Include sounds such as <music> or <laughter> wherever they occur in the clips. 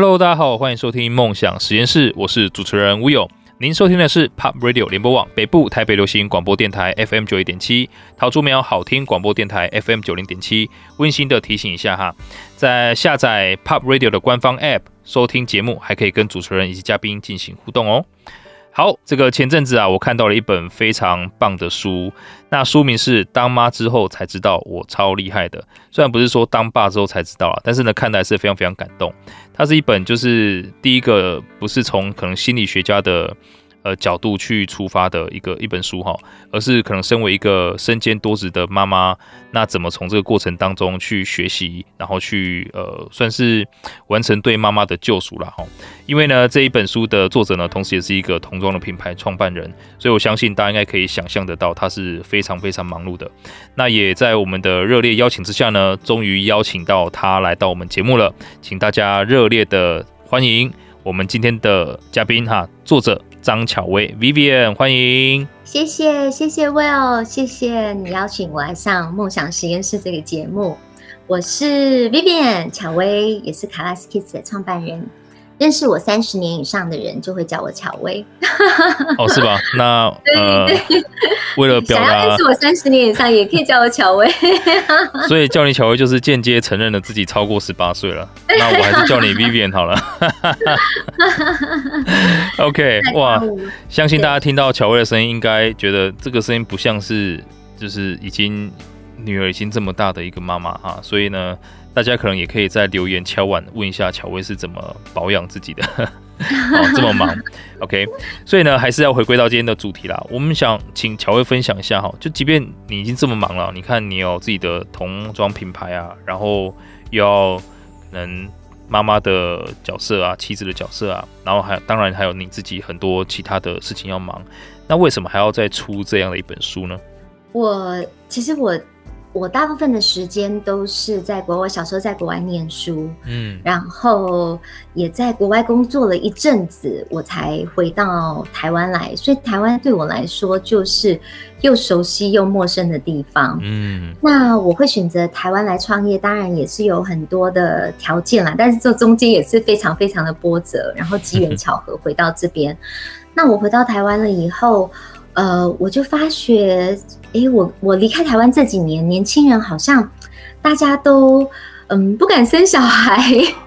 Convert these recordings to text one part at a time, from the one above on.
Hello，大家好，歡迎收聽夢想實驗室，我是主持人 Will。您收聽的是 Pop Radio 聯播網北部台北流行廣播電台 FM 九一點七、桃竹苗好聽廣播電台 FM 九零點七。溫馨的提醒一下哈，在下載 Pop Radio 的官方 App 收聽節目，還可以跟主持人以及嘉賓進行互動哦。好，這個前陣子啊，我看到了一本非常棒的書，那書名是《當媽之後才知道我超厲害的》，雖然不是說當爸之後才知道啊，但是呢，看來是非常非常感動。它是一本，就是第一個不是從可能心理學家的。呃，角度去出發的一個一本書哈，而是可能身為一個身兼多職的媽媽，那怎麼從這個過程當中去學習，然後去呃，算是完成對媽媽的救贖了哈。因為呢，這一本書的作者呢，同時也是一個童裝的品牌創辦人，所以我相信大家應該可以想象得到，她是非常非常忙碌的。那也在我們的熱烈邀請之下呢，終於邀請到她來到我們節目了，請大家熱烈的歡迎我們今天的嘉賓哈，作者。張巧薇，Vivian，歡迎，謝謝，謝謝 Will，謝謝你邀請我來上《夢想實驗室》這個節目，我是 Vivian，巧薇，也是 KALASKIDS 的創辦人。認識我三十年以上的人就會叫我巧薇，哦，是吧？那呃，為了表達 <laughs> 想要認識我三十年以上也可以叫我巧薇， <laughs> 所以叫你巧薇就是間接承認了自己超過十八歲了。 <laughs> 那我還是叫你 Vivian 好了。 <laughs> <laughs> OK，哇，相信大家聽到巧薇的聲音，應該覺得這個聲音不像是就是已經女兒已經這麼大的一個媽媽哈、啊，所以呢。大家可能也可以在留言敲碗問一下巧薇是怎麼保養自己的， <laughs> 哦、啊，這麼忙 <laughs> ，OK。所以呢，還是要回歸到今天的主題啦。我們想請巧薇分享一下哈，就即便你已經這麼忙了，你看你有自己的童裝品牌啊，然後又要可能媽媽的角色啊、妻子的角色啊，然後還當然還有你自己很多其他的事情要忙，那為什麼還要再出這樣的一本書呢？我其實我。我大部分的時間都是在國外，小時候在國外念書，嗯，然後也在國外工作了一陣子，我才回到台灣來。所以台灣對我來說就是又熟悉又陌生的地方，嗯。那我會選擇台灣來創業，當然也是有很多的條件啦，但是這中間也是非常非常的波折，然後機緣巧合回到這邊。 <laughs> 那我回到台灣了以後。呃，我就發覺，誒、欸，我我離開台灣這幾年，年輕人好像大家都嗯不敢生小孩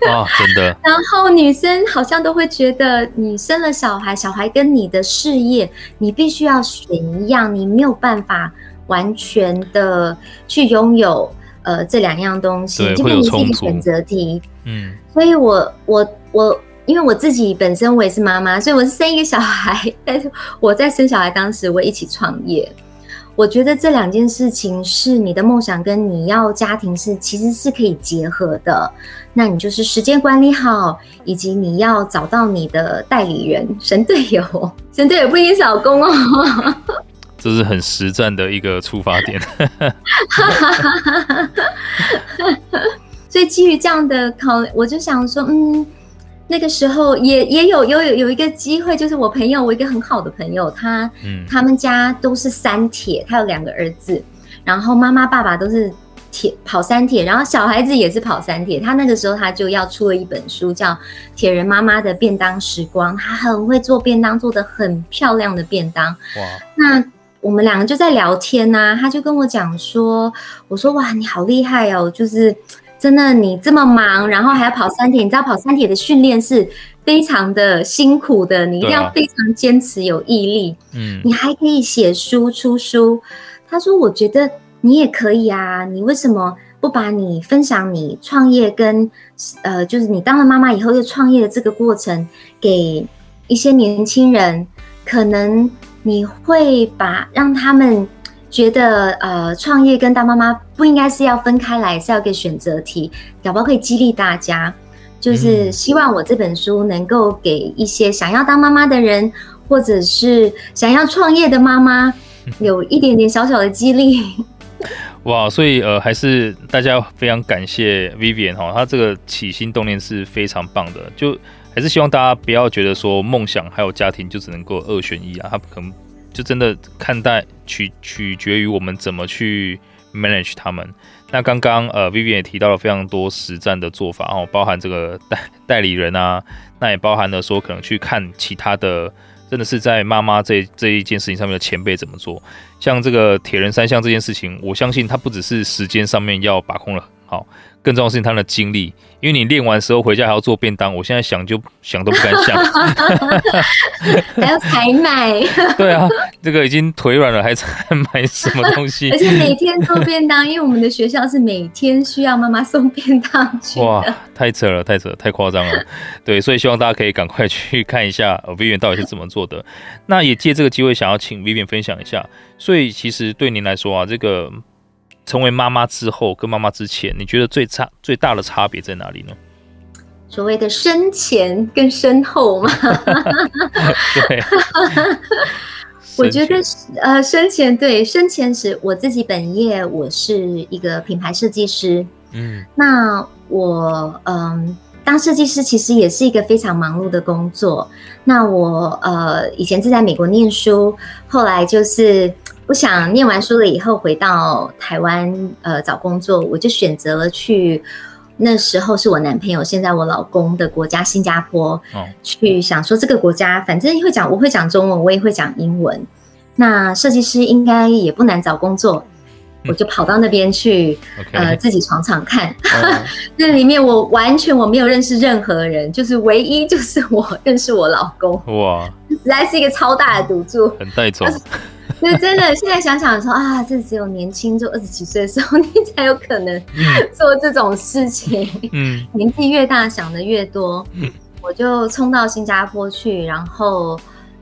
啊、哦，真的。然後女生好像都會覺得，你生了小孩，小孩跟你的事業，你必須要選一樣，你沒有辦法完全的去擁有呃這兩樣東西，就會有衝突。嗯，所以我我我。我因為我自己本身我也是媽媽，所以我是生一個小孩。但是我在生小孩當時，我一起創業。我覺得這兩件事情是你的夢想跟你要家庭是其實是可以結合的。那你就是時間管理好，以及你要找到你的代理人、神隊友，神隊友不一定是老公哦。這是很實戰的一個出發點。 <laughs> <laughs> <laughs> 所以基於這樣的考，我就想說，嗯。那個時候也也有有有有一個機會，就是我朋友，我一個很好的朋友，他，他們家都是三鐵，他有兩個兒子，然後媽媽爸爸都是鐵跑三鐵，然後小孩子也是跑三鐵。他那個時候他就要出了一本書，叫《鐵人媽媽的便當時光》，他很會做便當，做得很漂亮的便當。哇！Wow！那我們兩個就在聊天吶、啊，他就跟我講說，我說哇，你好厲害哦，就是。真的，你這麼忙，然後還要跑三鐵。你知道跑三鐵的訓練是非常的辛苦的，你一定要非常堅持，有毅力。啊、嗯，你還可以寫書出書。他說：“我覺得你也可以啊，你為什麼不把你分享你創業跟呃，就是你當了媽媽以後又創業的這個過程，給一些年輕人？可能你會把讓他們。”覺得呃，創業跟當媽媽不應該是要分開來，是要給選擇題。搞不好可以激勵大家，就是希望我這本書能夠給一些想要當媽媽的人，或者是想要創業的媽媽，有一點點小小的激勵、嗯。哇，所以呃，還是大家非常感謝 Vivian 哈，她這個起心動念是非常棒的。就還是希望大家不要覺得說夢想還有家庭就只能夠二選一啊，他不可能。就真的看待取取決於我們怎麼去 manage 他們。那剛剛呃 Vivian 也提到了非常多實戰的做法啊，包含這個代代理人啊，那也包含了說可能去看其他的，真的是在媽媽這這一件事情上面的前輩怎麼做。像這個鐵人三項這件事情，我相信它不只是時間上面要把控了。好，更重要的是他們的精力，因為你練完時候回家還要做便當，我現在想就想都不敢想， <laughs> 還要採採買。 <laughs> 對啊，這個已經腿軟了，還在買什麼東西？而且每天做便當， <laughs> 因為我們的學校是每天需要媽媽送便當去。哇，太扯了，太扯了，太誇張了。 <laughs> 對，所以希望大家可以趕快去看一下 Vivian 到底是怎麼做的。 <laughs> 那也借這個機會，想要請 Vivian 分享一下。所以其實對您來說啊，這個。成為媽媽之後跟媽媽之前，你覺得最差最大的差別在哪裡呢？所謂的生前跟身後嗎？ <laughs> 對 <laughs> 我覺得呃，生前對生前是我自己本業，我是一個品牌設計師。嗯，那我嗯、呃，當設計師其實也是一個非常忙碌的工作。那我呃以前是在美國念書，後來就是我想念完書了以後回到台灣呃找工作，我就選擇了去那時候是我男朋友現在我老公的國家新加坡，哦，去想說這個國家反正會講我會講中文，我也會講英文，那設計師應該也不難找工作。我就跑到那邊去，okay. 呃，自己闖闖看。Oh. <laughs> 那裡面我完全我沒有認識任何人，就是唯一就是我認識我老公。哇、wow.，實在是一個超大的賭注，oh. 很帶走。那真的現在想想說 <laughs> 啊，這只有年輕就二十幾歲的時候，你才有可能做這種事情。嗯、 <laughs> 年紀越大想的越多、嗯。我就衝到新加坡去，然後。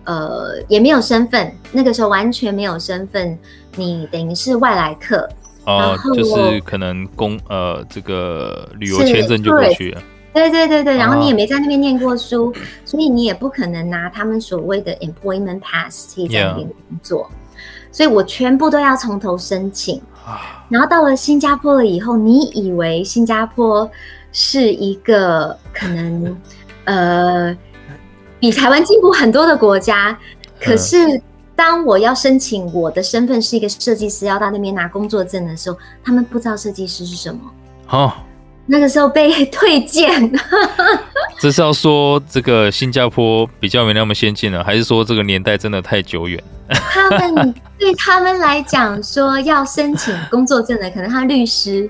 呃，也沒有身份，那個時候完全沒有身份，你等於是外來客，哦、然就是可能公呃這個旅遊簽證就過去了，Tourist, 對對對對，然後你也沒在那邊念過書、哦，所以你也不可能拿他們所謂的 employment pass 去在那邊工作，Yeah. 所以我全部都要從頭申請，然後到了新加坡了以後，你以為新加坡是一個可能、嗯、呃。比台灣進步很多的國家，嗯，可是當我要申請我的身份是一個設計師，要到那邊拿工作證的時候，他們不知道設計師是什麼。好，哦，那個時候被退件。 <laughs> 這是要說這個新加坡比較沒那麼先進了，啊，還是說這個年代真的太久遠？ <laughs> 他們對他們來講，說要申請工作證的，可能他律師。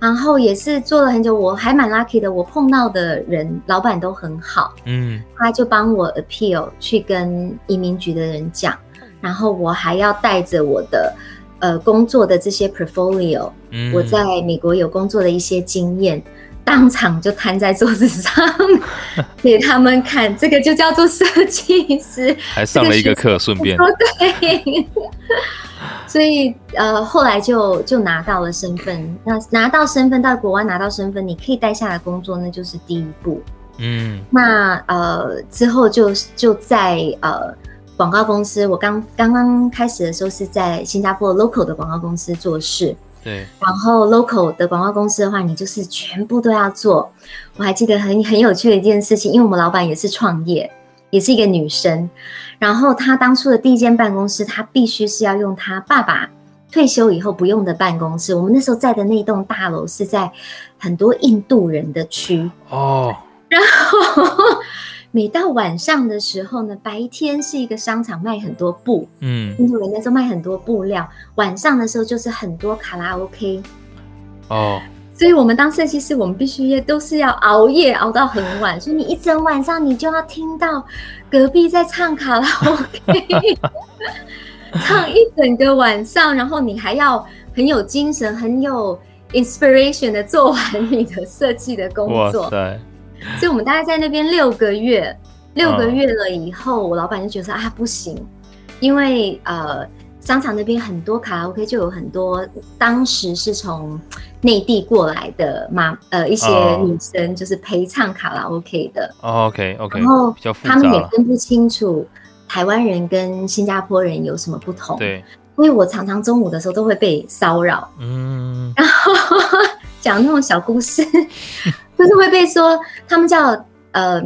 然後也是做了很久，我還蠻 lucky 的，我碰到的人老闆都很好，嗯，他就幫我 appeal 去跟移民局的人講，然後我還要帶着我的呃工作的這些 portfolio、嗯、我在美國有工作的一些經驗，當場就攤在桌子上 <laughs> 給他們看，這個就叫做設計師，還上了一個課、這個、順便。對 <laughs> 所以，呃，後來就就拿到了身份。那拿到身份到國外拿到身份，你可以待下來工作，那就是第一步。嗯，那呃之後就就在呃廣告公司。我剛剛剛開始的時候是在新加坡的 local 的廣告公司做事。對。然後 local 的廣告公司的話，你就是全部都要做。我還記得很很有趣的一件事情，因為我們老闆也是創業，也是一個女生。然後他當初的第一間辦公室，他必須是要用他爸爸退休以後不用的辦公室。我們那時候在的那棟大樓是在很多印度人的區哦。然後每到晚上的時候呢，白天是一個商場賣很多布，嗯，印度人那時候賣很多布料，晚上的時候就是很多卡拉 OK 哦。所以，我們當設計師，我們必須也都是要熬夜熬到很晚。所以，你一整晚上，你就要聽到隔壁在唱卡拉 OK， <laughs> 唱一整個晚上，然後你還要很有精神、很有 inspiration 的做完你的設計的工作。哇塞。所以，我們大概在那邊六個月，六個月了以後，我老板就覺得啊，不行，因為呃。商場那邊很多卡拉 OK，就有很多當時是從內地過來的嘛，呃一些女生，就是陪唱卡拉 OK 的。Oh, OK OK，然後他們也分不清楚台灣人跟新加坡人有什麼不同？對，因為我常常中午的時候都會被騷擾，嗯，然後講 <laughs> 那種小故事，就是會被說他們叫呃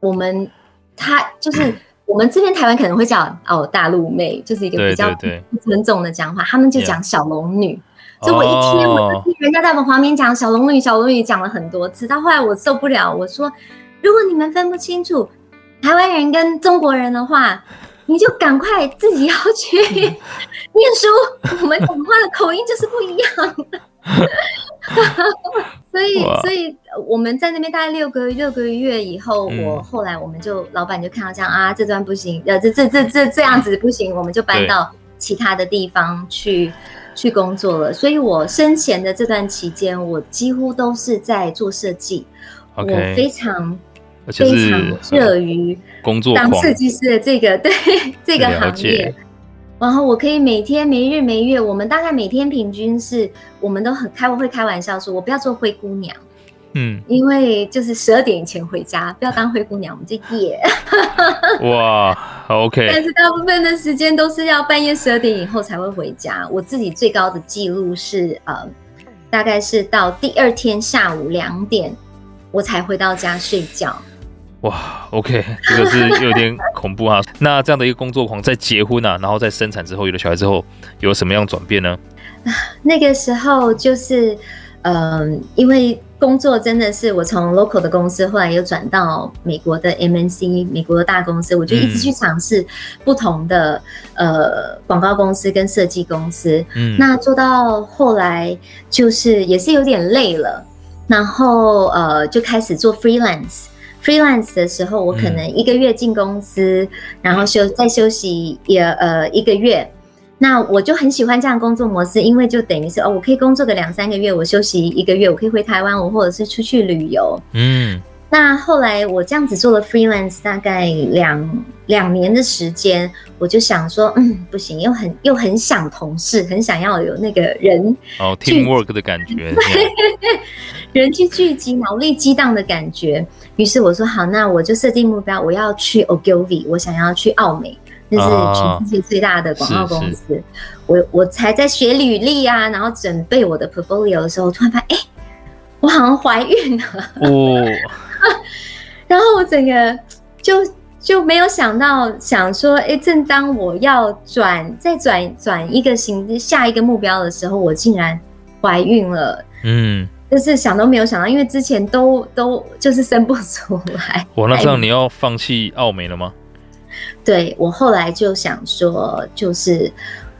我們他就是、嗯。我們這邊台灣可能會叫哦大陸妹，就是一個比較不尊重的講話對對對。他們就講小龍女，yeah. 所以我一聽，oh. 我就聽人家在我旁邊講小龍女，小龍女講了很多次，到後來我受不了，我說如果你們分不清楚台灣人跟中國人的話，你就趕快自己要去念書。 <laughs> 我們講話的口音就是不一樣的。 <laughs> <laughs> 所以，所以我們在那邊待六個月，六個月以後，我後來我們就、嗯、老闆就看到這樣啊，這段不行，呃、啊，這這這這這樣子不行，我們就搬到其他的地方去去工作了。所以我生前的這段期間，我幾乎都是在做設計、okay，我非常非常熱於、嗯、工作當設計師的這個對這個行業。然後我可以每天沒日沒夜，我們大概每天平均是，我們都很開會開玩笑說，我不要做灰姑娘，嗯，因為就是十二點以前回家，不要當灰姑娘，我們哈夜， <laughs> 哇，OK，但是大部分的時間都是要半夜十二點以後才會回家。我自己最高的記錄是呃，大概是到第二天下午兩點，我才回到家睡覺。哇，OK，這個是有點恐怖啊。 <laughs> 那這樣的一個工作狂，在結婚啊，然後在生產之後有了小孩之後，有什麼樣轉變呢？那個時候就是，嗯、呃，因為工作真的是我從 local 的公司，後來又轉到美國的 MNC，美國的大公司，我就一直去嘗試不同的呃廣告公司跟設計公司。嗯，那做到後來就是也是有點累了，然後呃就開始做 freelance。freelance 的時候，我可能一個月進公司，嗯、然後休再休息也呃一個月，那我就很喜歡這樣的工作模式，因為就等於是哦，我可以工作個兩三個月，我休息一個月，我可以回台灣，我或者是出去旅遊。嗯，那後來我這樣子做了 freelance 大概兩兩年的時間，我就想說，嗯，不行，又很又很想同事，很想要有那個人去哦 <laughs> teamwork 的感覺， <laughs> yeah. 人去聚集，腦力激盪的感覺。於是我說好，那我就設定目標，我要去 Ogilvy，我想要去奧美，啊，那是全世界最大的廣告公司。是是我我才在學履歷啊，然後準備我的 portfolio 的時候，突然發現，哎、欸，我好像懷孕了。哦。 <laughs> 然後我整個就就沒有想到，想說，哎、欸，正當我要轉再轉轉一個行下一個目標的時候，我竟然懷孕了。嗯。就是想都沒有想到，因為之前都都就是生不出來。我那這樣你要放棄奧美了嗎？對，我後來就想說，就是。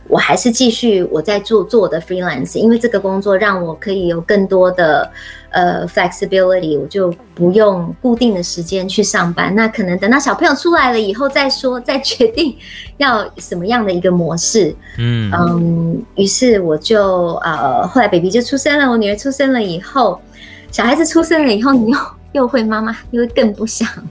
我還是繼續我在做做我的 freelance，因為這個工作讓我可以有更多的呃 flexibility，我就不用固定的時間去上班。那可能等到小朋友出來了以後再說，再決定要什麼樣的一個模式。嗯嗯，於是我就呃後來 baby 就出生了，我女兒出生了以後，小孩子出生了以後，你又又會媽媽又更不想， <laughs>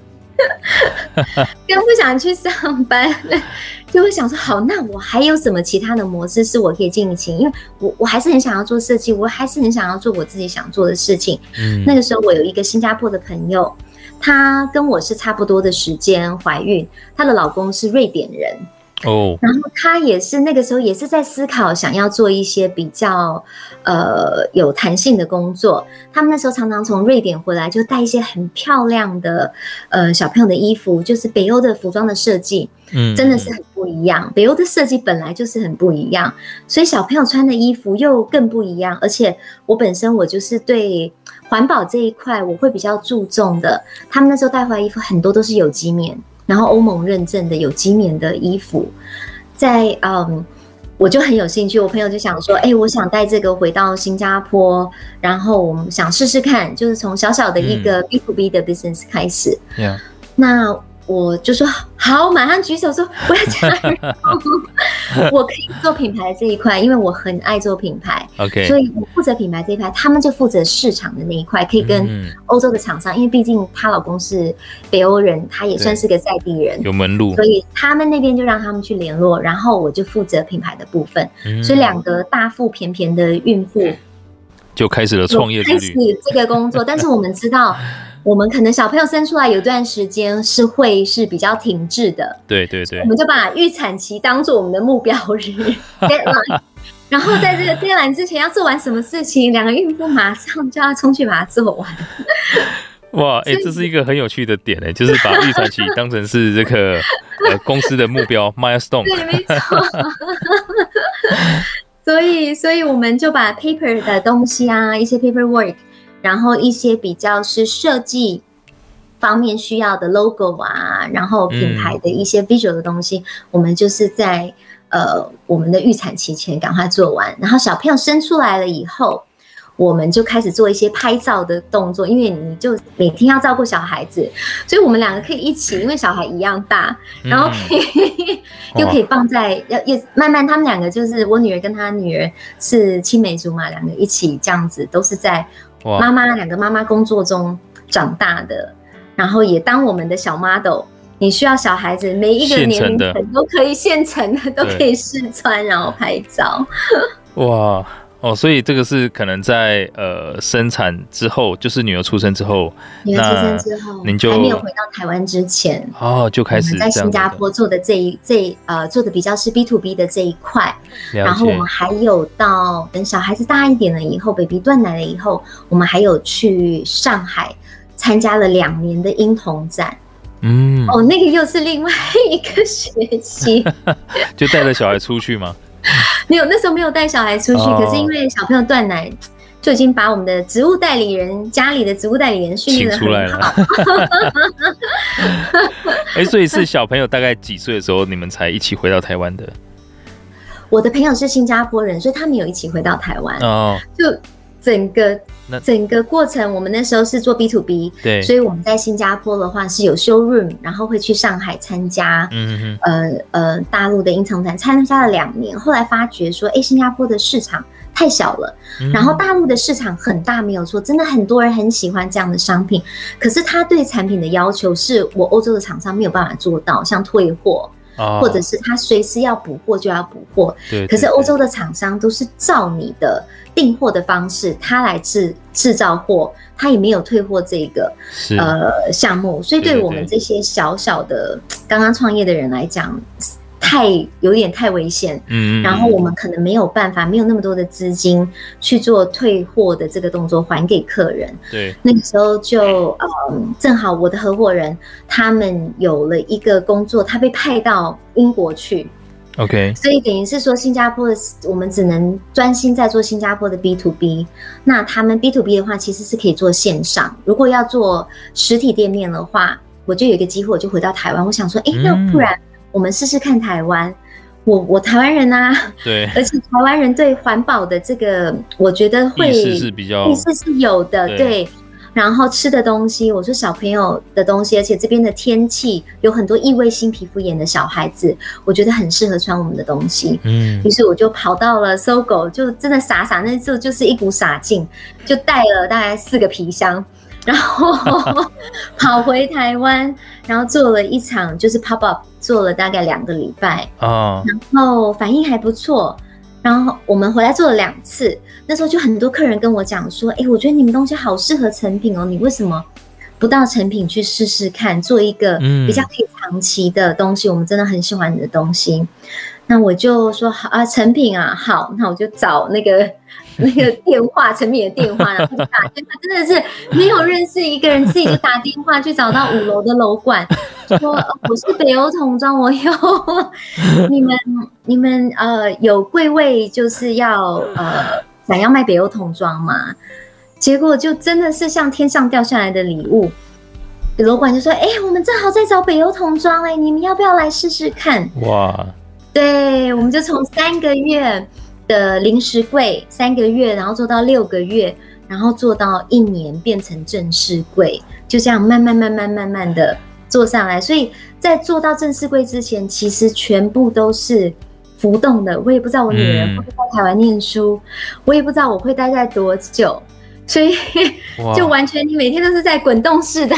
更不想去上班 <laughs> 就會想說好，那我還有什麼其他的模式是我可以進行？因為我我還是很想要做設計，我還是很想要做我自己想做的事情。嗯，那個時候，我有一個新加坡的朋友，她跟我是差不多的時間懷孕，她的老公是瑞典人。哦、oh，然後他也是那個時候也是在思考，想要做一些比較呃有彈性的工作。他們那時候常常從瑞典回來，就帶一些很漂亮的呃小朋友的衣服，就是北歐的服裝的設計，嗯，真的是很不一樣。北歐的設計本來就是很不一樣，所以小朋友穿的衣服又更不一樣。而且我本身我就是對環保這一塊我會比較注重的，他們那時候帶回來衣服很多都是有機棉。然後歐盟認證的有機棉的衣服，在嗯，我就很有興趣。我朋友就想說，哎、欸，我想帶這個回到新加坡，然後我們想試試看，就是從小小的一個 B to B 的 business 開始。嗯、那。我就說好，馬上舉手說，我要參與，我可以做品牌的這一塊，因為我很愛做品牌。OK，所以我負責品牌這一塊，他們就負責市場的那一塊，可以跟歐洲的廠商、嗯，因為畢竟她老公是北歐人，他也算是個在地人，有門路，所以他們那邊就讓他們去聯絡，然後我就負責品牌的部分。嗯、所以兩個大腹便便的孕婦，就開始了創業之旅，開始這個工作。但是我們知道。 <laughs> 我們可能小朋友生出來有一段時間是會是比較停滯的，對對對，我們就把預產期當做我們的目標日， <laughs> 然後在這個 deadline 之前要做完什麼事情，兩 <laughs> 個孕婦馬上就要衝去把它做完。哇，哎、欸，這是一個很有趣的點嘞。欸，就是把預產期當成是這個、 <laughs> 呃、公司的目標 milestone，對，沒錯。 <laughs> 所以，所以我們就把 paper 的東西啊，一些 paperwork。然後一些比較是設計方面需要的 logo 啊，然後品牌的一些 visual 的東西，嗯、我們就是在呃我們的預產期前趕快做完。然後小朋友生出來了以後，我們就開始做一些拍照的動作，因為你就每天要照顧小孩子，所以我們兩個可以一起，因為小孩一樣大，然後可以、嗯、 <laughs> 又可以放在要越慢慢，他們兩個就是我女兒跟她女兒是青梅竹馬，兩個一起這樣子都是在媽媽，兩個媽媽工作中長大的，然後也當我們的小 model。你需要小孩子，每一個年齡層都可以現成的，現成的都可以試穿，然後拍照。 <laughs> 哇！哦，所以這個是可能在呃生產之後，就是女兒出生之後，女兒出生之後，您就還沒有回到台灣之前，哦，就開始在新加坡做的這一這，這一呃做的比較是 B to B 的這一塊，然後我們還有到等小孩子大一點了以後、嗯、了以後 <laughs> ，baby 斷奶了以後，我們還有去上海參加了兩年的嬰童展，嗯，哦，那個又是另外一個學習， <laughs> 就帶着小孩出去嗎？ <laughs> 沒有，那時候沒有帶小孩出去，oh. 可是因為小朋友斷奶，就已經把我們的植物代理人家裡的植物代理人訓練得很好、 <laughs> <laughs> 欸。所以是小朋友大概幾歲的時候， <laughs> 你們才一起回到台灣的？我的朋友是新加坡人，所以他們有一起回到台灣。哦、oh.，就整個。那整個過程，我們那時候是做 B to B，對，所以我們在新加坡的話是有 show room，然後會去上海參加，嗯嗯、呃呃、大陸的嬰童展參加了兩年，後來發覺說，哎，新加坡的市場太小了、嗯，然後大陸的市場很大沒有錯，真的很多人很喜歡這樣的商品，可是他對產品的要求是我歐洲的廠商沒有辦法做到，像退貨。或者是他隨時要補貨就要補貨，哦、可是歐洲的廠商都是照你的訂貨的方式，對對對，他來制製造貨，他也沒有退貨這個呃項目，所以對我們這些小小的剛剛創業的人來講。太有點太危險，嗯，然後我們可能沒有辦法，沒有那麼多的資金去做退貨的這個動作，還給客人。對，那個時候就嗯，正好我的合夥人他們有了一個工作，他被派到英國去，OK，所以等於是說新加坡的我們只能專心在做新加坡的 B to B。那他們 B to B 的話其實是可以做線上，如果要做實體店面的話，我就有一個機會，我就回到台灣，我想說，哎，嗯，那不然。我們試試看台灣，我我台灣人吶、啊，對，而且台灣人對環保的這個，我覺得會意識是比較意識是有的對，對。然後吃的東西，我說小朋友的東西，而且這邊的天氣有很多異位性皮膚炎的小孩子，我覺得很適合穿我們的東西。嗯，於是我就跑到了 SOGO，就真的傻傻，那時候就是一股傻勁，就帶了大概四個皮箱，然後 <laughs> 跑回台灣，然後做了一場就是 pop up。做了大概兩個禮拜，oh. 然後反應還不錯，然後我們回來做了兩次，那時候就很多客人跟我講說：“哎，我覺得你們東西好適合誠品哦，你為什麼不到誠品去試試看，做一個比較可以長期的東西？”嗯、我們真的很喜歡你的東西，那我就說好啊，誠品啊，好，那我就找那個。那個電話，陳敏的電話，然後就打電話，真的是沒有認識一個人，自己就打電話去找到五樓的樓管，說、呃、我是北歐童裝，我有你們，你們呃有櫃位，就是要呃想要賣北歐童裝嘛？結果就真的是像天上掉下來的禮物，樓管就說：“哎、欸，我們正好在找北歐童裝，哎，你們要不要來試試看？”哇，對，我們就從三個月。的臨時櫃三個月，然後做到六個月，然後做到一年變成正式櫃，就這樣慢慢慢慢慢慢的做上來。所以在做到正式櫃之前，其實全部都是浮動的。我也不知道我女兒會不會在台灣念書、嗯，我也不知道我會待在多久，所以 <laughs> 就完全你每天都是在滾動式的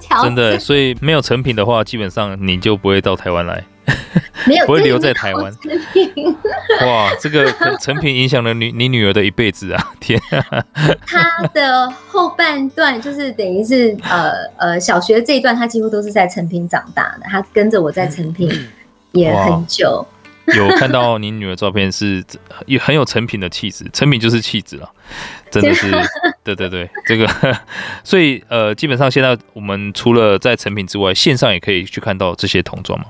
調整。 <laughs> 真的，所以沒有成品的話，基本上你就不會到台灣來。沒 <laughs> 有，不會留在台灣。哇，這個成品影響了你、你女兒的一輩子啊！天啊，他的後半段就是等於是呃呃小學這一段，他幾乎都是在成品長大的，他跟着我在成品也很久、嗯。有看到你女兒照片，是很有成品的氣質，成品就是氣質了，真的是對對對，這個所以呃基本上現在我們除了在成品之外，線上也可以去看到這些童裝嘛。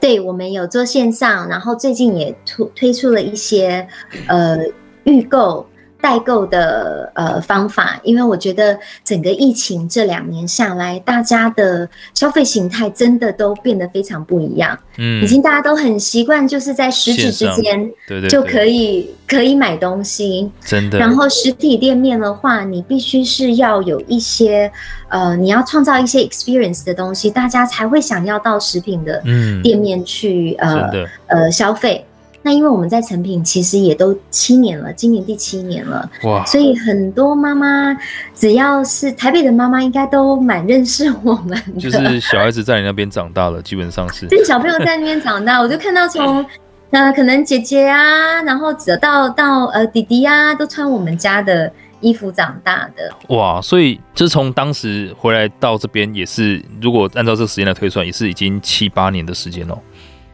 對我們有做線上，然後最近也推推出了一些，呃，預購。代購的呃方法，因為我覺得整個疫情這兩年下來，大家的消費形態真的都變得非常不一樣。嗯，已經大家都很習慣，就是在食指之間，對，對對，就可以可以買東西。真的。然後實體店面的話，你必須是要有一些呃，你要創造一些 experience 的東西，大家才會想要到食品的嗯店面去，嗯、呃呃消費。那因為我們在成品其實也都七年了，今年第七年了。哇！所以很多媽媽，只要是台北的媽媽，應該都蠻認識我們的。就是小孩子在你那邊長大了，基本上是。是小朋友在那邊長大， <laughs> 我就看到從呃可能姐姐啊，然後直到到呃弟弟啊，都穿我們家的衣服長大的。哇！所以自從當時回來到這邊，也是如果按照這個時間來推算，也是已經七八年的時間了。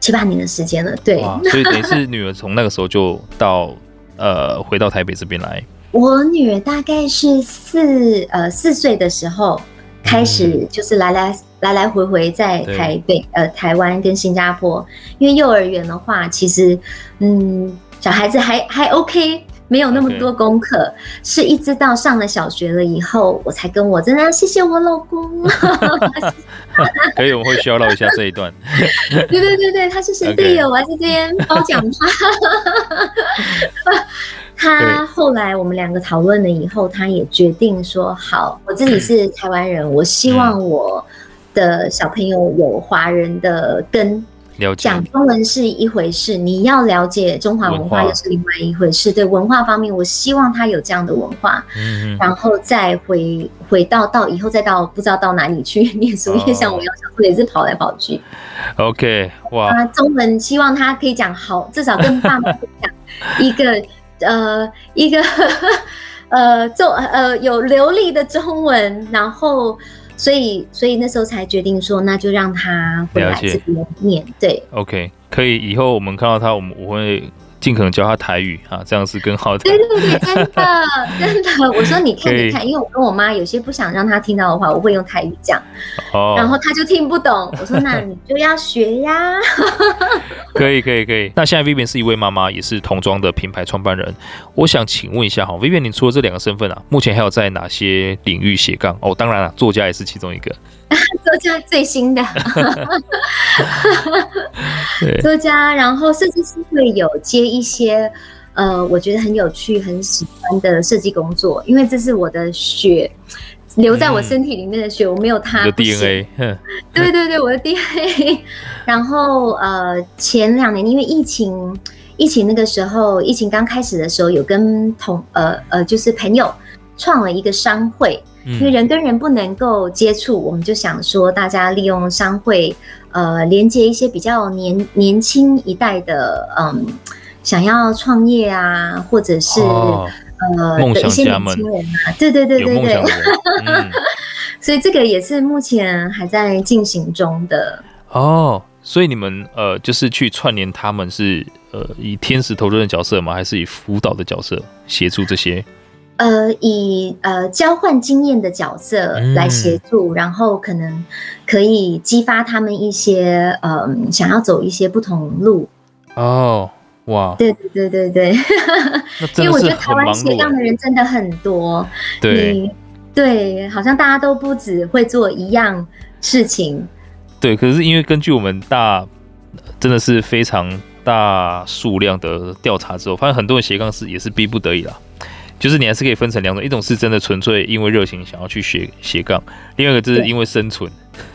七八年的時間了，對，所以等於是女兒從那個時候就到呃回到台北這邊來。 <laughs> 我女兒大概是四呃四歲的時候開始，就是來來來來回回在台北呃台灣跟新加坡，因為幼兒園的話，其實嗯小孩子還還 OK。沒有那麼多功課，okay. 是一直到上了小學了以後，我才跟我真的謝謝我老公。 <laughs> <laughs> <laughs> <laughs> 可以，我會需要鬧一下這一段。 <laughs> <laughs> 對對對對，他是神隊友啊，這邊褒獎他。 <laughs> 他後來我們兩個討論了以後，他也決定說好，我自己是台灣人，我希望我的小朋友有華人的根。講中文是一回事，你要了解中華文化又是另外一回事。文對文化方面，我希望他有這樣的文化，嗯、然後再回回到到以後再到不知道到哪裡去念書也想，oh. 也像我一樣，想，或是跑來跑去。OK，哇、wow.，中文希望他可以講好，至少跟爸媽講一個 <laughs> 呃一個呵呵呃做呃有流利的中文，然後。所以，所以那時候才決定說，那就讓他回來這邊念。對。OK，可以，以後我們看到他，我們我會。盡可能教他台語啊，這樣是更好的。對對對， <laughs> 真的，真的。我說你看 <laughs> 你看，因為我跟我媽有些不想讓她聽到的話，我會用台語講。哦、oh，然後她就聽不懂。我說那你就要學呀。 <laughs> 可以可以可以。那現在 Vivian 是一位媽媽，也是童裝的品牌創辦人。我想請問一下哈，Vivian 你除了這兩個身份啊，目前還有在哪些領域斜槓？哦，當然了，作家也是其中一個。作家最新的作 <laughs> 家，然後設計師會有接一些呃，我覺得很有趣，很喜歡的設計工作，因為這是我的血流在我身體裡面的血，嗯、我沒有它的 DNA。對對對，我的 DNA。然後呃，前兩年因為疫情，疫情那個時候，疫情剛開始的時候，有跟同呃呃就是朋友創了一個商會。嗯、因為人跟人不能夠接觸，我們就想說，大家利用商會，呃，連接一些比較年年輕一代的，嗯，想要創業啊，或者是、哦、呃夢想家們的一些年輕人對對對對對。有夢想的人，嗯、 <laughs> 所以這個也是目前還在進行中的。哦，所以你們呃，就是去串聯他們是、是呃以天使投資人角色嗎？還是以輔導的角色協助這些？呃，以呃交換經驗的角色來協助，嗯，然後可能可以激發他們一些嗯、呃，想要走一些不同路。哦，哇！對對對對對，因為我覺得台灣斜槓的人真的很多。對對，好像大家都不只會做一樣事情。對，可是因為根據我們大真的是非常大數量的調查之後，發現很多人斜槓是也是逼不得已啦。就是你還是可以分成兩種，一種是真的純粹因為熱情想要去斜斜槓，另外一個就是因為生存，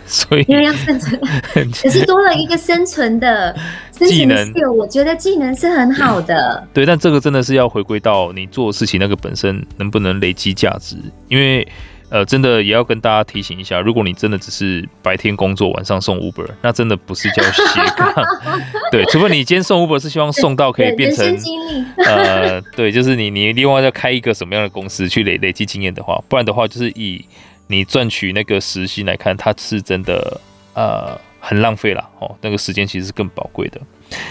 所以因為要生存。 <laughs> 可是多了一個生存的技能，生存我覺得技能是很好的。對，對但這個真的是要回歸到你做事情那個本身能不能累積價值，因為。呃，真的也要跟大家提醒一下，如果你真的只是白天工作，晚上送 Uber，那真的不是叫斜槓。 <laughs> <laughs> 對，除非你今天送 Uber 是希望送到可以變成人生經歷 <laughs> 呃，對，就是你你另外要開一個什麼樣的公司去累累積經驗的話，不然的話就是以你賺取那個時薪來看，它是真的呃。很浪費了哦，那個時間其實是更寶貴的。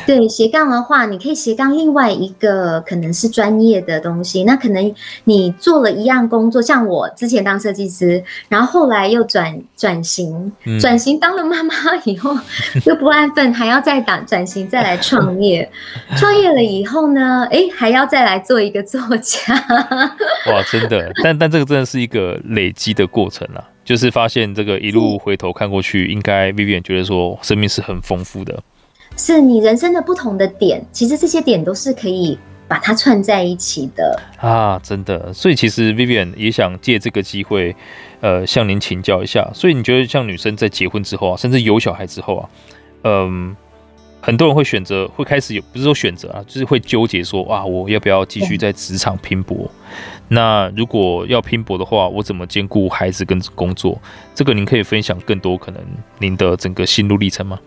對，斜槓的話，你可以斜槓另外一個可能是專業的東西。那可能你做了一樣工作，像我之前當設計師，然後後來又轉轉型，轉型當了媽媽以後、嗯、又不安分， <laughs> 還要再轉轉型再來創業。創 <laughs> 業了以後呢，哎，還要再來做一個作家。 <laughs> 哇，真的，但但這個真的是一個累積的過程啊。就是發現這個一路回頭看過去，應該 Vivian 覺得說，生命是很豐富的，是你人生的不同的點，其實這些點都是可以把它串在一起的啊，真的。所以其實 Vivian 也想借這個機會，呃，向您請教一下。所以你覺得像女生在結婚之後啊，甚至有小孩之後啊，嗯、呃。很多人會選擇，會開始有，不是說選擇啊，就是會糾結說，哇，我要不要繼續在職場拼搏？Yeah. 那如果要拼搏的話，我怎麼兼顧孩子跟工作？這個您可以分享更多可能您的整個心路歷程嗎？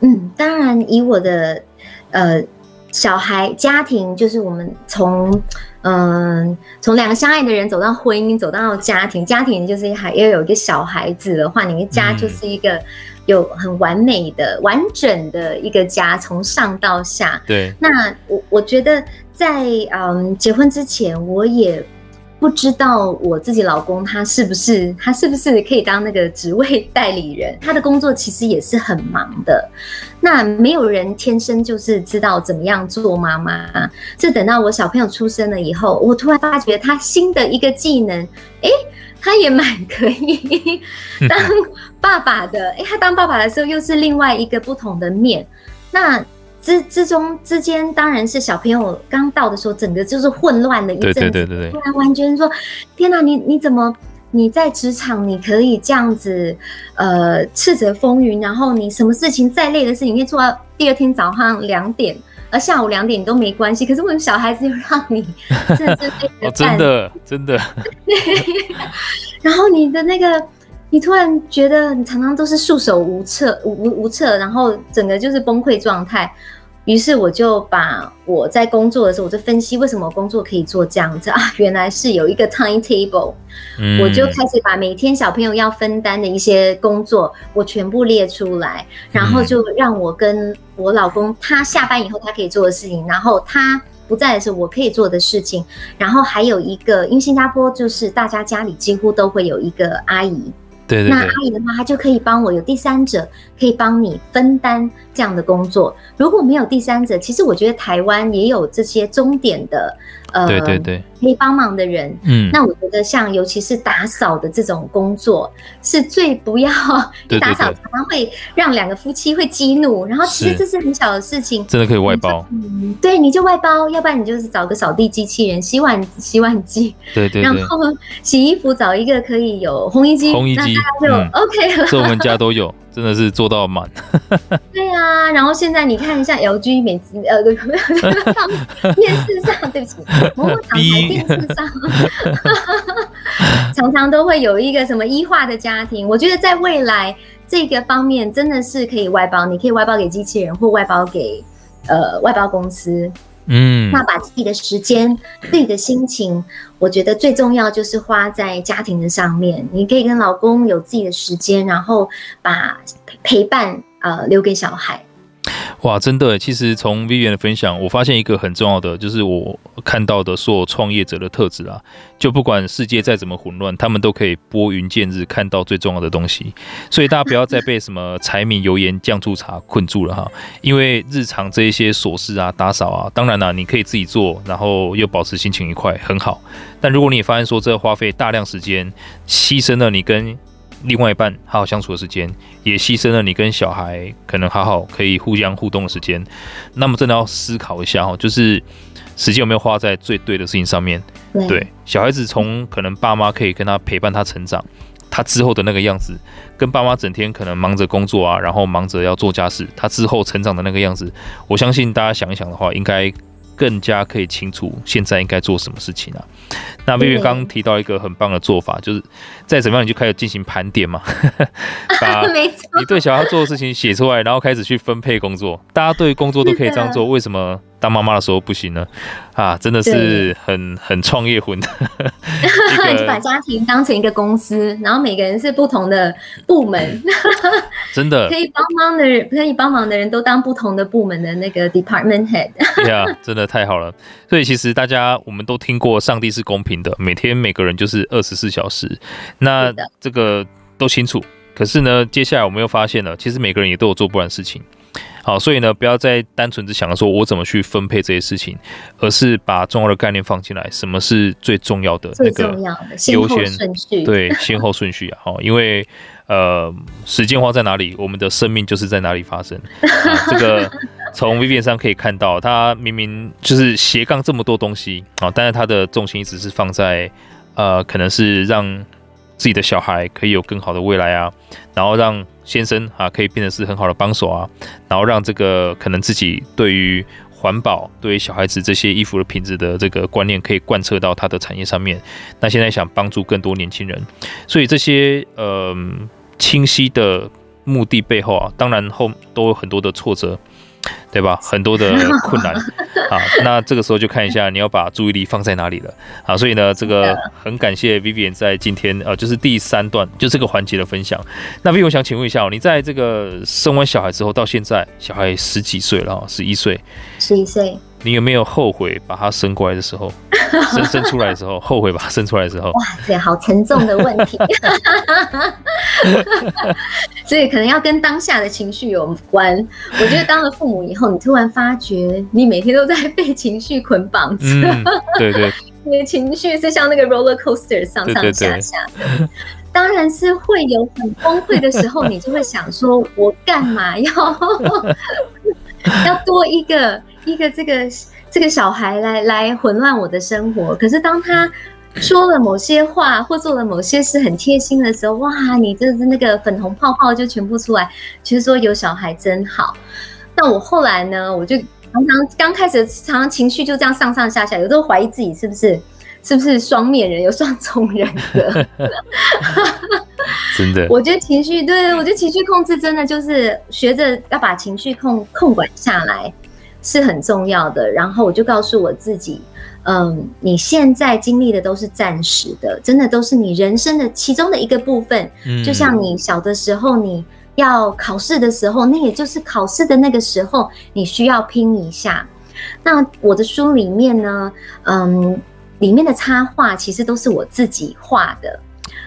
嗯，當然，以我的呃小孩家庭，就是我們從嗯從兩個相愛的人走到婚姻，走到家庭，家庭就是還要有一個小孩子的話，你們家就是一個。嗯有很完美的、完整的一個家，從上到下。對。那我我覺得在，在嗯結婚之前，我也不知道我自己老公他是不是，他是不是可以當那個職位代理人。他的工作其實也是很忙的。那沒有人天生就是知道怎麼樣做媽媽。這等到我小朋友出生了以後，我突然發覺他新的一個技能，誒，他也蠻可以當。 <laughs> 爸爸的，哎、欸，他當爸爸的時候又是另外一個不同的面。那之之中之間，當然是小朋友剛到的時候，整個就是混亂的一陣子。對對對對對。突然完全說，天哪，你你怎麼你在職場，你可以這樣子，呃，叱咤風雲，然後你什麼事情再累的事情，你可以做到第二天早上兩點，而下午兩點都沒關係。可是我的小孩子又讓你這、 <laughs> 哦，真的真的真的， <laughs> 然後你的那個。你突然覺得，你常常都是束手無策，無無無策，然後整個就是崩潰狀態。於是我就把我在工作的時候，我就分析為什麼我工作可以做這樣子啊？原來是有一個 timetable，嗯，我就開始把每天小朋友要分擔的一些工作，我全部列出來，然後就讓我跟我老公，他下班以後他可以做的事情，然後他不在的時候我可以做的事情，然後還有一個，因為新加坡就是大家家裡幾乎都會有一個阿姨。對對對，那阿姨的話，她就可以幫我，有第三者可以幫你分擔。這樣的工作如果沒有第三者，其實我覺得台灣也有這些鐘點的，呃，對對對，可以幫忙的人。嗯，那我覺得像尤其是打掃的這種工作，是最不要，一打掃常常會讓兩個夫妻會激怒，然後其實這是很小的事情，真的可以外包，嗯。對，你就外包，要不然你就是找個掃地機器人，洗碗洗碗機，對對，對然後洗衣服找一個可以有烘衣機，烘衣機就，嗯、OK 了。這我們家都有。 <laughs> 真的是做到滿，對啊。然後現在你看一下 LG 每次呃，電視 <laughs> 上，對不起，我躺在電視上， <laughs> 常常都會有一個什麼醫化的家庭。我覺得在未來這個方面，真的是可以外包，你可以外包給機器人，或外包給呃外包公司。嗯，那把自己的時間、自己的心情，我覺得最重要就是花在家庭的上面。你可以跟老公有自己的時間，然後把陪伴呃留給小孩。哇，真的！其實從 Vivian 的分享，我發現一個很重要的，就是我看到的所有創業者的特質啊，就不管世界再怎麼混亂，他們都可以撥雲見日，看到最重要的東西。所以大家不要再被什麼柴米油鹽醬醋茶困住了哈，因為日常這一些瑣事啊、打掃啊，當然啦、啊，你可以自己做，然後又保持心情愉快，很好。但如果你發現說這花費大量時間，犧牲了你跟另外一半好好相處的時間，也犧牲了你跟小孩可能好好可以互相互動的時間。那麼真的要思考一下哦，就是時間有沒有花在最對的事情上面？對，對，小孩子從可能爸媽可以跟他陪伴他成長，他之後的那個樣子，跟爸媽整天可能忙着工作啊，然後忙着要做家事，他之後成長的那個樣子，我相信大家想一想的話，應該。更加可以清楚現在應該做什麼事情啊。那薇薇剛提到一個很棒的做法，就是再怎麼樣你就開始進行盤點嘛， <laughs> 把你對小孩做的事情寫出來，然後開始去分配工作，大家對工作都可以這樣做，為什麼？當媽媽的時候不行呢，啊，真的是很很創業魂的， <laughs> 這個、 <laughs> 把家庭當成一個公司，然後每個人是不同的部門， <laughs> 真的可以幫忙的人，可以幫忙的人都當不同的部門的那個 department head，對啊， <laughs> 真的太好了。所以其實大家我們都聽過，上帝是公平的，每天每個人就是二十四小時，那這個都清楚。可是呢，接下來我們又發現了，其實每個人也都有做不完事情。好，所以呢，不要再單純的想着說我怎麼去分配這些事情，而是把重要的概念放進來，什麼是最重要的，最重要的那個優先，先後順序？對，先後順序啊，好，因為呃，時間花在哪裡，我們的生命就是在哪裡發生。啊，這個從 Vivian 上可以看到，它明明就是斜槓這麼多東西啊，但是它的重心一直是放在呃，可能是讓。自己的小孩可以有更好的未來啊，然後讓先生啊可以變成是很好的幫手啊，然後讓這個可能自己對於環保、對於小孩子這些衣服的品質的這個觀念可以貫徹到他的產業上面。那現在想幫助更多年輕人，所以這些嗯清晰的目的背後啊，當然後都有很多的挫折。對吧？很多的困難 <laughs> 啊，那這個時候就看一下你要把注意力放在哪裡了啊。所以呢，這個很感謝 Vivian 在今天呃、啊，就是第三段就這個環節的分享。那 Vivian，我想請問一下，你在這個生完小孩之後到現在，小孩十幾歲了？十一歲，十一歲。你有沒有後悔把它生過來的時候，生生出來的時候，後悔把它生出來的時候？ <laughs> 哇，這好沉重的問題。 <laughs> 所以可能要跟當下的情緒有關。我覺得當了父母以後，你突然發覺你每天都在被情緒捆綁着。嗯，對對。 <laughs> 你的情緒是像那個 roller coaster 上上下下。對，對，對，當然是會有很崩潰的時候， <laughs> 你就會想說：我幹嘛要？ <laughs> <laughs> 要多一個一個這個這個小孩來來混亂我的生活，可是當他說了某些話或做了某些事很貼心的時候，哇，你真的是那個粉紅泡泡就全部出來，就是說有小孩真好。那我後來呢，我就常常剛開始常常情緒就這樣上上下下，有時候懷疑自己是不是是不是雙面人，有雙重人格。 <laughs> <laughs> 真的，我覺得情緒對，我覺得情緒控制真的就是學着要把情緒控控管下來是很重要的。然後我就告訴我自己，嗯，你現在經歷的都是暫時的，真的都是你人生的其中的一個部分。就像你小的時候，你要考試的時候，那也就是考試的那個時候，你需要拼一下。那我的書裡面呢，嗯，裡面的插畫其實都是我自己畫的。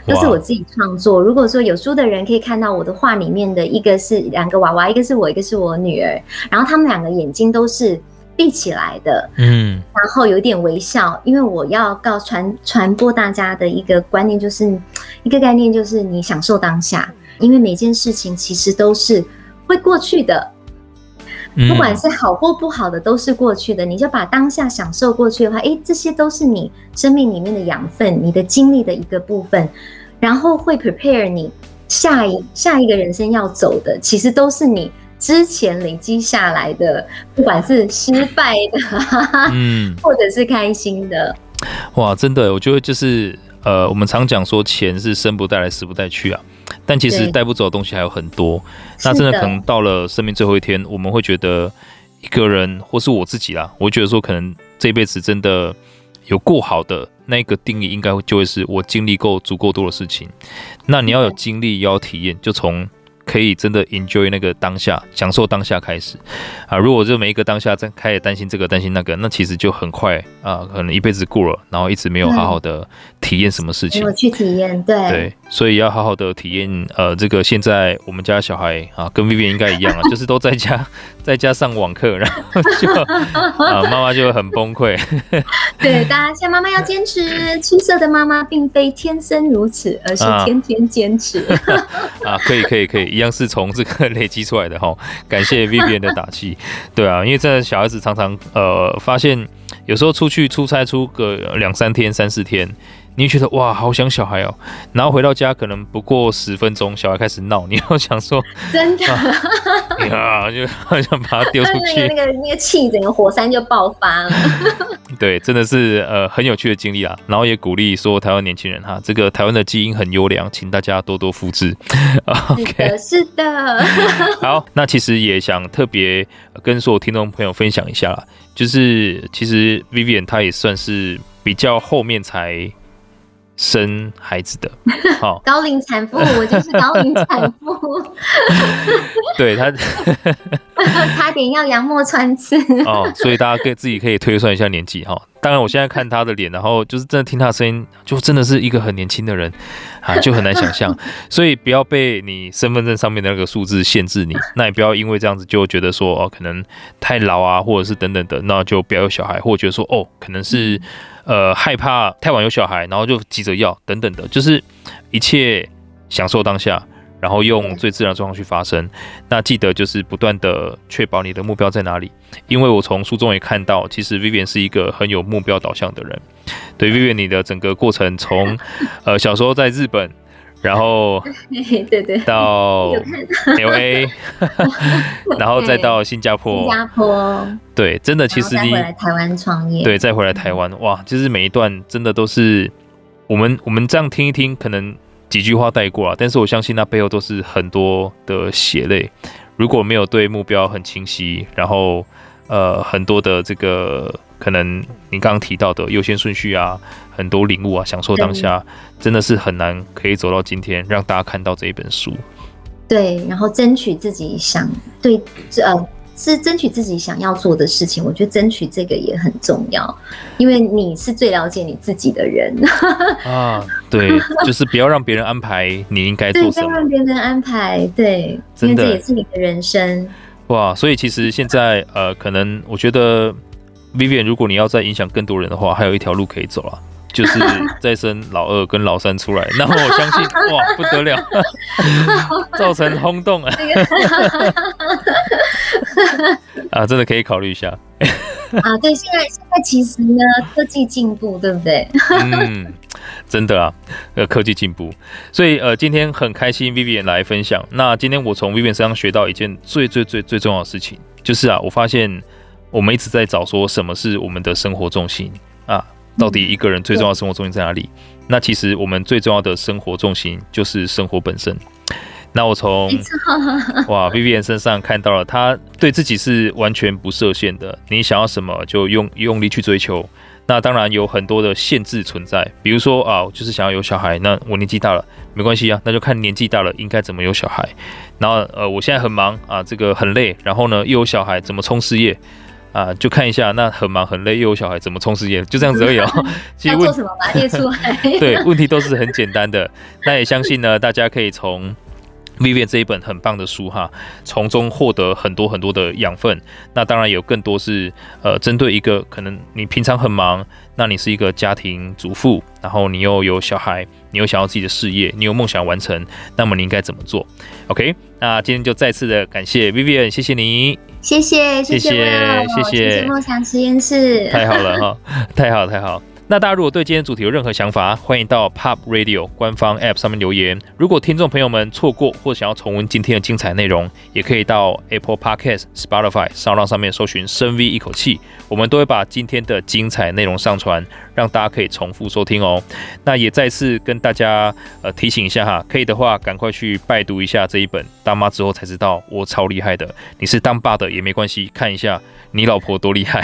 都是我自己創作。如果說有書的人可以看到我的畫裡面的一個是兩個娃娃，一個是我，一個是我女兒。然後他們兩個眼睛都是閉起來的，嗯，然後有點微笑，因為我要告傳傳播大家的一個觀念，就是一個概念就是你享受當下，因為每件事情其實都是會過去的。嗯、不管是好或不好的，都是過去的。你就把當下享受過去的話，誒、欸，這些都是你生命裡面的養分，你的經歷的一個部分，然後會 prepare 你下一下一個人生要走的，其實都是你之前累積下來的，不管是失敗的，嗯，或者是開心的。哇，真的，我覺得就是呃，我們常講說錢是生不帶來，死不帶去啊。但其實帶不走的東西還有很多，那真的可能到了生命最後一天，我們會覺得一個人，或是我自己啦，我會覺得說可能這輩子真的有過好的那個定義，應該就會是我經歷過足夠多的事情。那你要有經歷，要體驗，就從。可以真的 enjoy 那個當下，享受當下開始啊！如果就每一個當下在開始擔心這個擔心那個，那其實就很快啊，可能一輩子過了，然後一直沒有好好的體驗什麼事情，沒有去體驗，對對，所以要好好的體驗。呃，這個現在我們家小孩啊，跟 Vivian 應該一樣、啊，就是都在家 <laughs> 在家上網課，然後就啊，媽媽就很崩潰。 <laughs> 對，大家現在媽媽要堅持，出色的媽媽並非天生如此，而是天天堅持 <laughs> 啊，啊！可以，可以，可以。一樣是從這個累積出來的哈，感謝 Vivian 的打氣， <laughs> 對啊，因為這小孩子常常呃，發現有時候出去出差出個兩三天、三,三四天。你覺得哇，好想小孩哦，然後回到家可能不過十分鐘，小孩開始鬧，你要想說真的啊，你啊，就好想把它丟出去，嗯，那個那個那個氣，整個火山就爆發了。對，真的是呃很有趣的經歷啊，然後也鼓勵說台灣年輕人哈，這個台灣的基因很優良，請大家多多複制。o、okay. 是,是的，好，那其實也想特別跟所有聽眾朋友分享一下啦，就是其實 Vivian 他也算是比較後面才。生孩子的，高齡產婦，哦、 <laughs> 我就是高齡產婦， <laughs> <laughs> 對他， <laughs> <laughs> 差點要羊膜穿刺， <laughs> 哦，所以大家可以自己可以推算一下年紀，哈、哦，當然我現在看他的臉，然後就是真的聽他的聲音，就真的是一個很年輕的人，啊，就很難想象， <laughs> 所以不要被你身份證上面的那個數字限制你，那也不要因為這樣子就覺得說哦，可能太老啊，或者是等等的，那就不要有小孩，或者覺得說哦，可能是、嗯。呃，害怕太晚有小孩，然後就急着要等等的，就是一切享受當下，然後用最自然狀況去發生。那記得就是不斷的確保你的目標在哪裡，因為我從書中也看到，其實 Vivian 是一個很有目標導向的人。對 Vivian，你的整個過程從呃小時候在日本。 <laughs> 然後，對對，到 LA， <laughs> 然後再到新加坡，新加坡，對，真的，其實你回來台灣創業，對，再回來台灣，哇，就是每一段真的都是，我們我們這樣聽一聽，可能幾句話帶過啊，但是我相信那背後都是很多的血淚。如果沒有對目標很清晰，然後呃，很多的這個。可能你剛剛提到的優先順序啊，很多領悟啊，享受當下，真的是很難可以走到今天，讓大家看到這一本書。對，然後爭取自己想對，呃，是爭取自己想要做的事情。我覺得爭取這個也很重要，因為你是最了解你自己的人 <laughs> 啊。對，就是不要讓別人安排你應該做什麼，不要讓別人安排。對，因為這也是你的人生。哇，所以其實現在呃，可能我覺得。Vivian，如果你要再影響更多人的話，還有一條路可以走啊，就是再生老二跟老三出來。那 <laughs> 我相信，哇，不得了， <laughs> 造成轟動啊！ <laughs> <laughs> 啊，真的可以考慮一下。 <laughs> 啊，對，現在現在其實呢，科技進步，對不對？ <laughs> 嗯，真的啊，呃，科技進步，所以呃，今天很開心，Vivian 來分享。那今天我從 Vivian 身上學到一件最最最最最最重要的事情，就是啊，我發現。我們一直在找說，什麼是我們的生活重心啊？到底一個人最重要的生活重心在哪裡？那其實我們最重要的生活重心就是生活本身。那我從哇，Vivian 身上看到了，他對自己是完全不設限的。你想要什麼就用用力去追求。那當然有很多的限制存在，比如說啊，就是想要有小孩，那我年紀大了沒關係啊，那就看年紀大了應該怎麼有小孩。然後呃，我現在很忙啊，這個很累，然後呢又有小孩，怎麼衝事業？啊，就看一下，那很忙很累，又有小孩，怎麼充實也就這樣子而已哦。 <laughs> 要做什麼吧？累出來？對，問題都是很簡單的。 <laughs> 那也相信呢，大家可以從 Vivian 這一本很棒的書哈，從中獲得很多很多的養分。那當然有更多是呃，針對一個可能你平常很忙，那你是一個家庭主婦，然後你又有小孩，你又想要自己的事業，你有夢想完成，那麼你應該怎麼做？OK，那今天就再次的感謝 Vivian，謝謝你。謝謝，謝謝，謝謝夢想實驗室，太好了哈， <laughs> 太好，太好。那大家如果對今天主題有任何想法，歡迎到 POP Radio 官方 App 上面留言。如果聽眾朋友們錯過或想要重溫今天的精彩內容，也可以到 Apple Podcast、Spotify SoundCloud 上面搜尋《深 V」一口氣》，我們都會把今天的精彩內容上傳，讓大家可以重複收聽哦。那也再次跟大家呃提醒一下哈，可以的話趕快去拜讀一下這一本《當媽之後才知道我、哦、超厲害的》，你是當爸的也沒關係，看一下你老婆多厲害。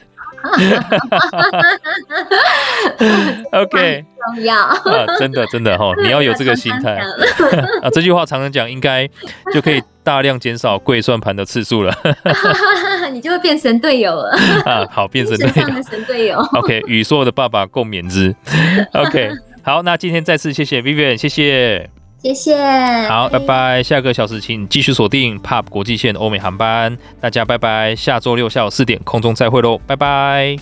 <laughs> 哈哈哈哈哈哈！OK，重、啊、真的真的哈，哦、 <laughs> 你要有這個心態 <laughs> 啊！這句話常常講，應該就可以大量減少跪算盤的次數了， <laughs> <laughs> 你就會變神隊友了 <laughs> 啊！好，變神隊友， <laughs> 神隊友。OK，與所有的爸爸共勉之。 <laughs> OK，好，那今天再次謝謝 Vivian，謝謝。謝謝，好，拜拜。下個小時請繼續鎖定 POP 國際線的歐美航班，大家拜拜。下週六下午四點空中再會嘍，拜拜。